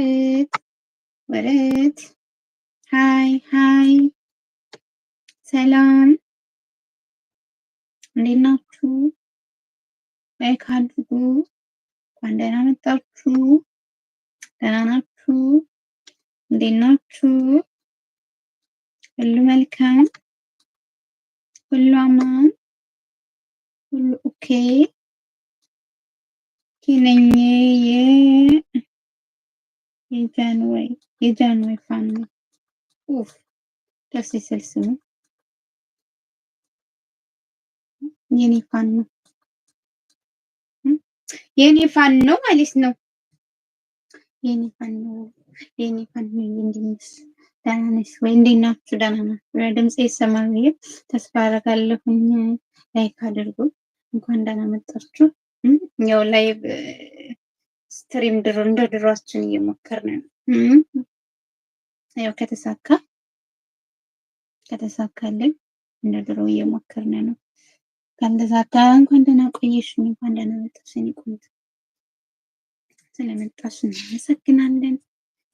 ወረት ወረት ሀይ ሀይ ሰላም እንዴት ናችሁ? ላይክ አድርጉ። እንኳን ደህና መጣችሁ። ደህና ናችሁ? እንዴት ናችሁ? ሁሉ መልካም፣ ሁሉ አማን፣ ሁሉ ኦኬ ኪነኝ የ የጃንዋይ የጃንዋይ ፋን ነው። ኡፍ ደስ ሲል ስሙ የኔ ፋን ነው የኔ ፋን ነው ማለት ነው። የኔ ፋን ነው የኔ ፋን ነው። እንዲንስ ደህና ነሽ ወይ? እንዴት ናችሁ? ደህና ናችሁ? ድምጽ ይሰማል ተስፋ አደርጋለሁኝ። ላይክ አድርጉ። እንኳን ደህና መጣችሁ። ያው ላይቭ ስትሪም ድሮ እንደ ድሯችን እየሞከርን ነው። ያው ከተሳካ ከተሳካልን እንደ ድሮ እየሞከርን ነው። ካልተሳካ እንኳን ደህና ቆየሽን፣ እንኳን ደህና መጣሽን። ቆንጆ ስለመጣሽ እናመሰግናለን።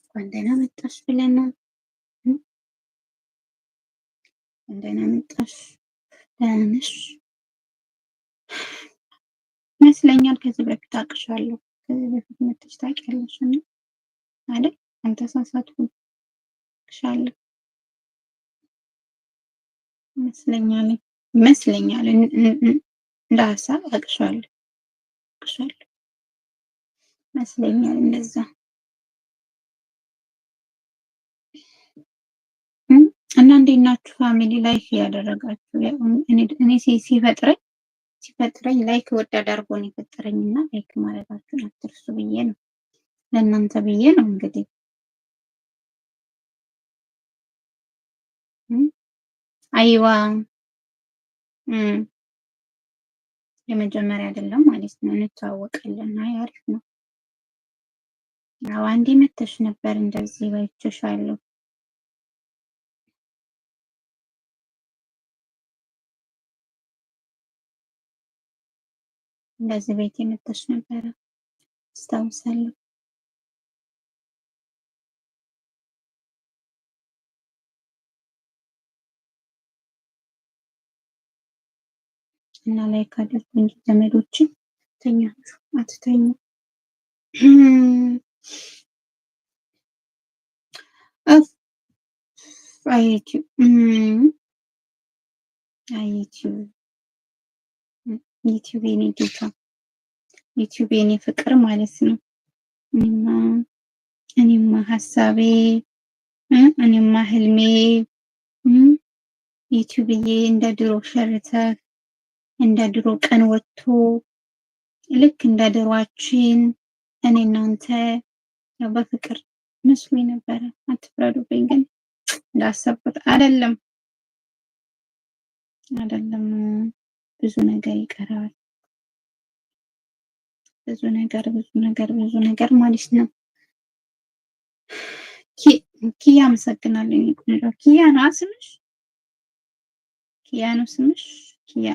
እንኳን ደህና መጣሽ ብለናል። እንደና መጣሽ፣ ደህና ነሽ ይመስለኛል። ከዚህ በፊት አቅሻለሁ ከዚህ በፊት መጥተሽ ታውቂያለሽ እና አይደል አልተሳሳትኩም ሻለ ይመስለኛል ይመስለኛል እንደ ሀሳብ አቅሻለሁ አቅሻለሁ ይመስለኛል እንደዛ እና እንዴት ናችሁ ፋሚሊ ላይፍ እያደረጋችሁ እኔ ሲፈጥረኝ ሲፈጥረኝ ላይክ ወድ አድርጎ ነው የፈጠረኝ እና ላይክ ማድረጋችሁን አትርሱ ብዬ ነው ለእናንተ ብዬ ነው እንግዲህ አይዋ የመጀመሪያ አይደለም ማለት ነው። እንተዋወቃለን። አይ አሪፍ ነው። አዎ አንዴ መተሽ ነበር እንደዚህ በይቼሻለሁ። እንደዚህ ቤት የመጣች ነበረ አስታውሳለሁ። እና ላይ ካደርጉ እንጂ ዘመዶችን ተኛችሁ አትተኙ። አይቲ አይቲ ዩቲዩብ የኔ ጌታ ዩቲዩብ የኔ ፍቅር ማለት ነው። እኔማ እኔማ ሀሳቤ እኔማ ህልሜ ዩቲዩብዬ እንደ ድሮ ሸርተህ እንደ ድሮ ቀን ወጥቶ ልክ እንደ ድሯችን እኔ እናንተ ያው በፍቅር መስሎ ነበረ። አትፍረዱብኝ ግን እንዳሰብኩት አይደለም አይደለም። ብዙ ነገር ይቀረዋል። ብዙ ነገር ብዙ ነገር ብዙ ነገር ማለት ነው። ኪያ አመሰግናለሁ። ኪያ ነው ስምሽ? ኪያ ነው ስምሽ? ኪያ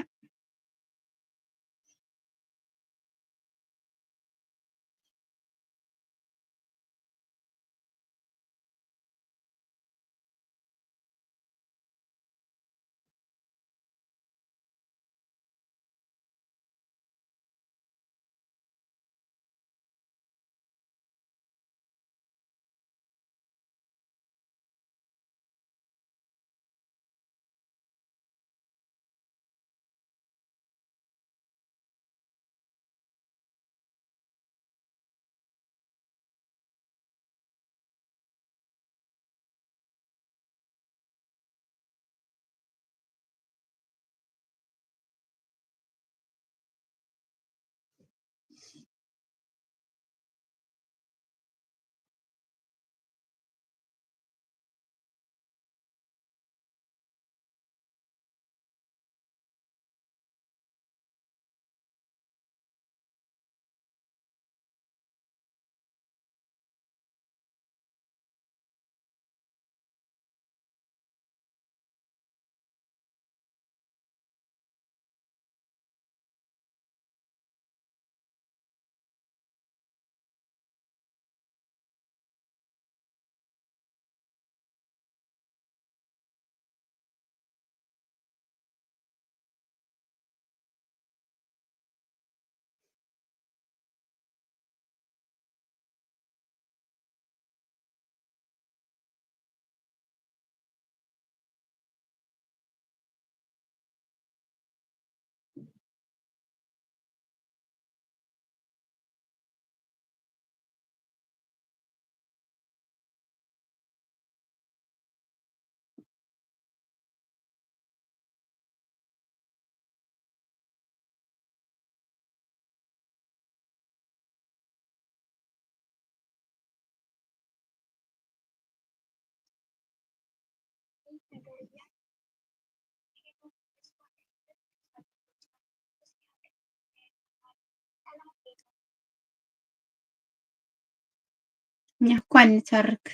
እኛ እኮ አንተርክ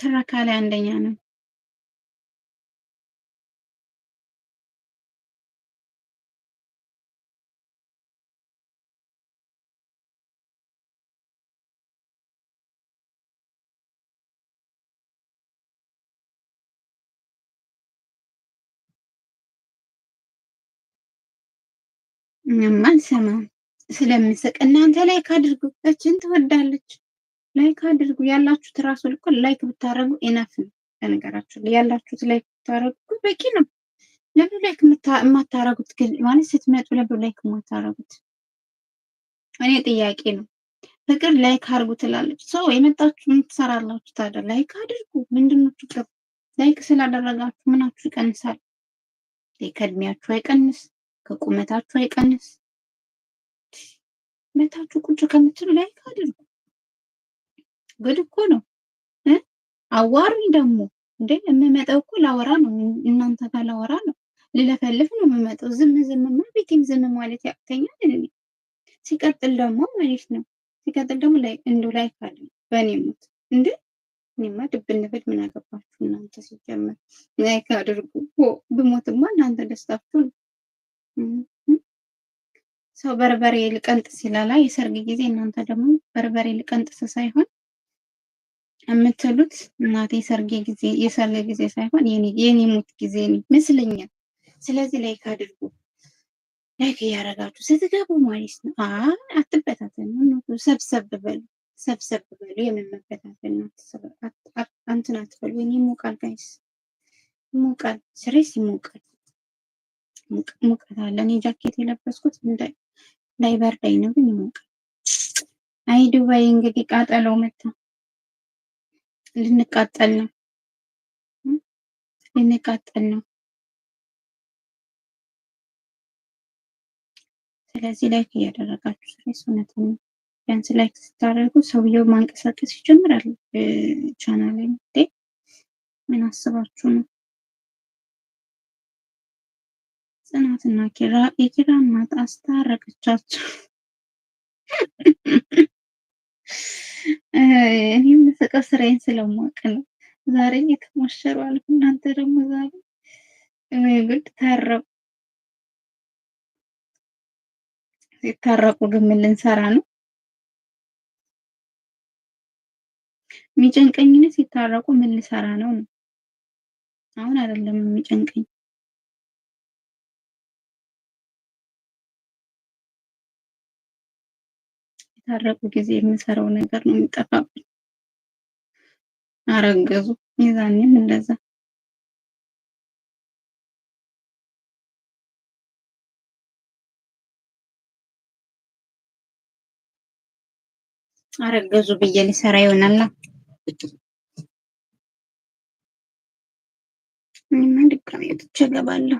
ትረካ ላይ አንደኛ ነው። እኛማ አንሰማም ስለምንስቅ እናንተ ላይ ካድርጉ እችን ትወዳለች። ላይክ አድርጉ። ያላችሁት ራሱ ልኮ ላይክ ብታደርጉ ኢነፍ ነው። ለነገራችሁ ያላችሁት ላይክ ብታደርጉ በቂ ነው። ለምን ላይክ የማታረጉት ግን ማለት ስትመጡ ለምን ላይክ የማታረጉት? እኔ ጥያቄ ነው። ፍቅር ላይክ አድርጉ ትላለች። ሰው የመጣችሁ ምን ትሰራላችሁ ታዲያ? ላይክ አድርጉ። ምንድን ነው ላይክ ስላደረጋችሁ ምናችሁ ይቀንሳል? ከእድሜያችሁ አይቀንስ፣ ከቁመታችሁ አይቀንስ። መታችሁ ቁጭ ከምትሉ ላይክ አድርጉ። ጉድ እኮ ነው። አዋሩኝ ደግሞ እንዴ! የምመጣው እኮ ላወራ ነው፣ እናንተ ጋር ላወራ ነው፣ ልለፈልፍ ነው የምመጣው። ዝም ዝምማ ቤቴም ዝም ማለት ያቅተኛል። እኔ ሲቀጥል ደግሞ ማለት ነው ሲቀጥል ደግሞ ላይ እንዱ ላይ ካለ በእኔ ሞት እንዴ! እኔማ ድብ ድብንብል ምን አገባችሁ እናንተ። ሲጀመር ላይክ አድርጉ። ብሞትማ እናንተ ደስታችሁ ነው። ሰው በርበሬ ልቀንጥስ ይላላ የሰርግ ጊዜ። እናንተ ደግሞ በርበሬ ልቀንጥስ ሳይሆን የምትሉት እናቴ የሰርጌ ጊዜ የሰርጌ ጊዜ ሳይሆን የኔ ሞት ጊዜ ይመስለኛል። ስለዚህ ላይክ አድርጉ። ላይክ እያደረጋችሁ ስትገቡ ማለት ነው። አትበታተኑ፣ ሰብሰብ በሉ፣ ሰብሰብ በሉ። የምን አንትን አትበሉ። ወይ ይሞቃል፣ ጋይስ ይሞቃል፣ ስሬስ ይሞቃል፣ ሙቀት አለ። እኔ ጃኬት የለበስኩት እንዳይበርዳኝ ነው፣ ግን ይሞቃል። አይ ዱባይ እንግዲህ ቃጠለው መታ ልንቃጠል ነው፣ ልንቃጠል ነው። ስለዚህ ላይክ እያደረጋችሁ ስለዚህ እውነት ነው። ቢያንስ ላይክ ስታደርጉ ሰውየው ማንቀሳቀስ ይጀምራል። ቻናል ላይ ምን አስባችሁ ነው? ጽናትና ኪራ የኪራ እናት አስታረቀቻቸው። እኔ የምጠቀው ስራዬን ስለማውቅ ነው። ዛሬም የተሞሸሩ አልኩ። እናንተ ደግሞ ዛሬ ወይ ግድ ታረቁ። ሲታረቁ ግን ምን ልንሰራ ነው? የሚጨንቀኝን ሲታረቁ ምን ልሰራ ነው ነው። አሁን አይደለም የሚጨንቀኝ የታረቁ ጊዜ የምንሰራው ነገር ነው የሚጠፋብኝ። አረገዙ። የዛኔም እንደዛ አረገዙ ብዬ ሊሰራ ይሆናላ። እኔማ ድጋሚ ወጥቼ እገባለሁ።